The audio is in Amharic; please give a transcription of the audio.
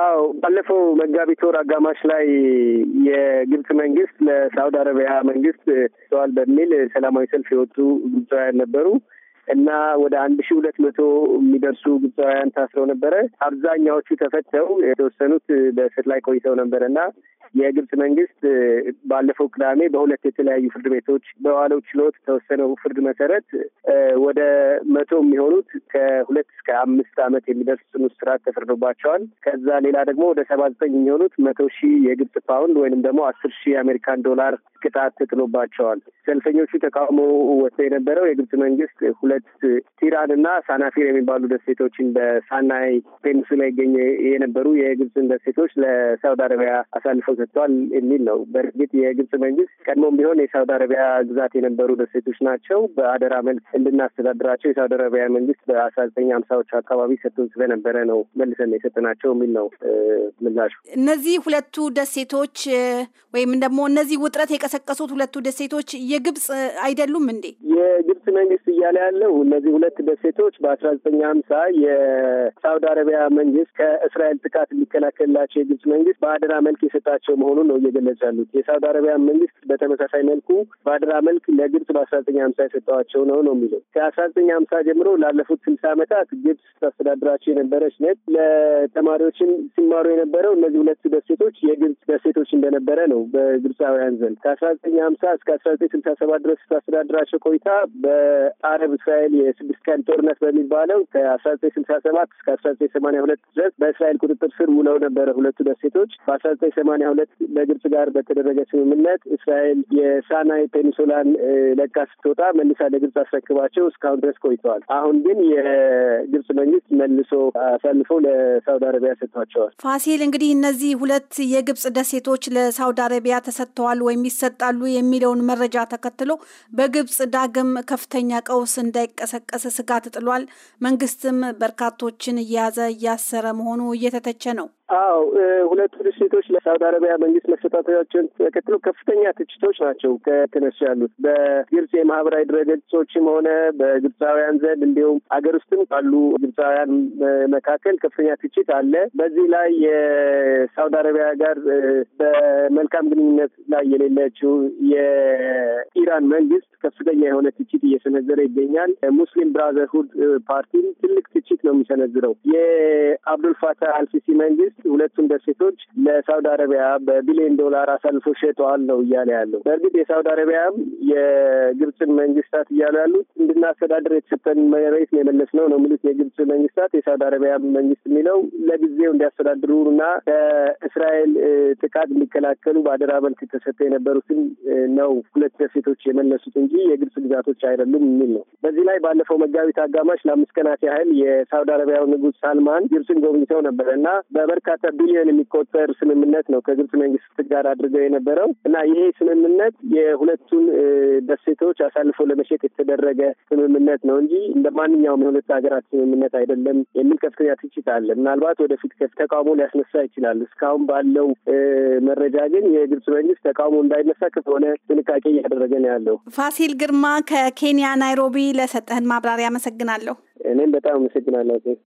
አዎ ባለፈው መጋቢት ወር አጋማሽ ላይ የግብጽ መንግስት ለሳውዲ አረቢያ መንግስት ተዋል በሚል ሰላማዊ ሰልፍ የወጡ ግብፃውያን ነበሩ። እና ወደ አንድ ሺ ሁለት መቶ የሚደርሱ ግብፃውያን ታስረው ነበረ። አብዛኛዎቹ ተፈተው የተወሰኑት በእስር ላይ ቆይተው ነበረ እና የግብጽ መንግስት ባለፈው ቅዳሜ በሁለት የተለያዩ ፍርድ ቤቶች በዋለው ችሎት ተወሰነው ፍርድ መሰረት ወደ መቶ የሚሆኑት ከሁለት እስከ አምስት ዓመት የሚደርስ ጽኑ እስራት ተፈርዶባቸዋል። ከዛ ሌላ ደግሞ ወደ ሰባ ዘጠኝ የሚሆኑት መቶ ሺህ የግብጽ ፓውንድ ወይንም ደግሞ አስር ሺህ የአሜሪካን ዶላር ቅጣት ተጥሎባቸዋል። ሰልፈኞቹ ተቃውሞ ወጥቶ የነበረው የግብጽ መንግስት ሁለት ቲራን እና ሳናፊር የሚባሉ ደሴቶችን በሳናይ ፔንሱ ላይ ይገኙ የነበሩ የግብፅን ደሴቶች ለሳውዲ አረቢያ አሳልፈው ሰጥተዋል የሚል ነው። በእርግጥ የግብጽ መንግስት ቀድሞም ቢሆን የሳውዲ አረቢያ ግዛት የነበሩ ደሴቶች ናቸው፣ በአደራ መልክ እንድናስተዳድራቸው የሳውዲ አረቢያ መንግስት በአስራ ዘጠኝ ሀምሳዎቹ አካባቢ ሰጥቶን ስለነበረ ነው መልሰን የሰጠናቸው የሚል ነው ምላሹ። እነዚህ ሁለቱ ደሴቶች ወይም ደግሞ እነዚህ ውጥረት የቀ የሚቀሰቀሱት ሁለቱ ደሴቶች የግብጽ አይደሉም እንዴ? የግብፅ መንግስት እያለ ያለው እነዚህ ሁለት ደሴቶች በአስራ ዘጠኝ ሀምሳ የሳውዲ አረቢያ መንግስት ከእስራኤል ጥቃት የሚከላከልላቸው የግብፅ መንግስት በአደራ መልክ የሰጣቸው መሆኑን ነው እየገለጹ ያሉት። የሳውዲ አረቢያ መንግስት በተመሳሳይ መልኩ በአደራ መልክ ለግብጽ በአስራ ዘጠኝ ሀምሳ የሰጠዋቸው ነው ነው የሚለው ከአስራ ዘጠኝ ሀምሳ ጀምሮ ላለፉት ስልሳ ዓመታት ግብፅ ታስተዳድራቸው የነበረች ነት ለተማሪዎችን ሲማሩ የነበረው እነዚህ ሁለት ደሴቶች የግብጽ ደሴቶች እንደነበረ ነው በግብፃውያን ዘንድ ከአስራ አስራ ዘጠኝ ሀምሳ እስከ አስራ ዘጠኝ ስልሳ ሰባት ድረስ ስታስተዳድራቸው ቆይታ በአረብ እስራኤል የስድስት ቀን ጦርነት በሚባለው ከአስራ ዘጠኝ ስልሳ ሰባት እስከ አስራ ዘጠኝ ሰማኒያ ሁለት ድረስ በእስራኤል ቁጥጥር ስር ውለው ነበረ ሁለቱ ደሴቶች። በአስራ ዘጠኝ ሰማኒያ ሁለት በግብጽ ጋር በተደረገ ስምምነት እስራኤል የሳናይ ፔኒንሱላን ለቃ ስትወጣ መልሳ ለግብጽ አስረክባቸው እስካሁን ድረስ ቆይተዋል። አሁን ግን የግብጽ መንግስት መልሶ አሳልፎ ለሳውዲ አረቢያ ሰጥቷቸዋል። ፋሲል እንግዲህ እነዚህ ሁለት የግብጽ ደሴቶች ለሳውዲ አረቢያ ተሰጥተዋል ወይም ይሰ ይሰጣሉ የሚለውን መረጃ ተከትሎ በግብፅ ዳግም ከፍተኛ ቀውስ እንዳይቀሰቀስ ስጋት ጥሏል። መንግስትም በርካቶችን እየያዘ እያሰረ መሆኑ እየተተቸ ነው። አዎ ሁለቱ ድርጅቶች ለሳውዲ አረቢያ መንግስት መሰጣታቸውን ተከትሎ ከፍተኛ ትችቶች ናቸው ከተነሱ ያሉት በግብጽ የማህበራዊ ድረገጾችም ሆነ በግብፃውያን ዘንድ እንዲሁም አገር ውስጥም ካሉ ግብፃውያን መካከል ከፍተኛ ትችት አለ። በዚህ ላይ የሳውዲ አረቢያ ጋር በመልካም ግንኙነት ላይ የሌለችው የኢራን መንግስት ከፍተኛ የሆነ ትችት እየሰነዘረ ይገኛል። ሙስሊም ብራዘርሁድ ፓርቲም ትልቅ ትችት ነው የሚሰነዝረው። የአብዱልፋታ አልሲሲ መንግስት ሁለቱን ደሴቶች ለሳውዲ አረቢያ በቢሊዮን ዶላር አሳልፎ ሸጠዋል ነው እያለ ያለው። በእርግጥ የሳውዲ አረቢያም የግብፅን መንግስታት እያሉ ያሉት እንድናስተዳድር የተሰጠን መሬት ነው የመለስ ነው ነው የሚሉት የግብፅ መንግስታት። የሳውዲ አረቢያ መንግስት የሚለው ለጊዜው እንዲያስተዳድሩ እና ከእስራኤል ጥቃት እንዲከላከሉ በአደራ መልክ የተሰጠ የነበሩትን ነው ሁለት ደሴቶች የመለሱት እንጂ የግብፅ ግዛቶች አይደሉም የሚል ነው። በዚህ ላይ ባለፈው መጋቢት አጋማሽ ለአምስት ቀናት ያህል የሳውዲ አረቢያው ንጉስ ሳልማን ግብፅን ጎብኝተው ነበረ እና በበርካ በርካታ ቢሊዮን የሚቆጠር ስምምነት ነው ከግብጽ መንግስት ጋር አድርገው የነበረው እና ይሄ ስምምነት የሁለቱን ደሴቶች አሳልፎ ለመሸጥ የተደረገ ስምምነት ነው እንጂ እንደ ማንኛውም የሁለት ሀገራት ስምምነት አይደለም የሚል ከፍተኛ ትችት አለ። ምናልባት ወደፊት ተቃውሞ ሊያስነሳ ይችላል። እስካሁን ባለው መረጃ ግን የግብጽ መንግስት ተቃውሞ እንዳይነሳ ከሆነ ጥንቃቄ እያደረገ ነው ያለው። ፋሲል ግርማ ከኬንያ ናይሮቢ ለሰጠህን ማብራሪያ አመሰግናለሁ። እኔም በጣም አመሰግናለሁ።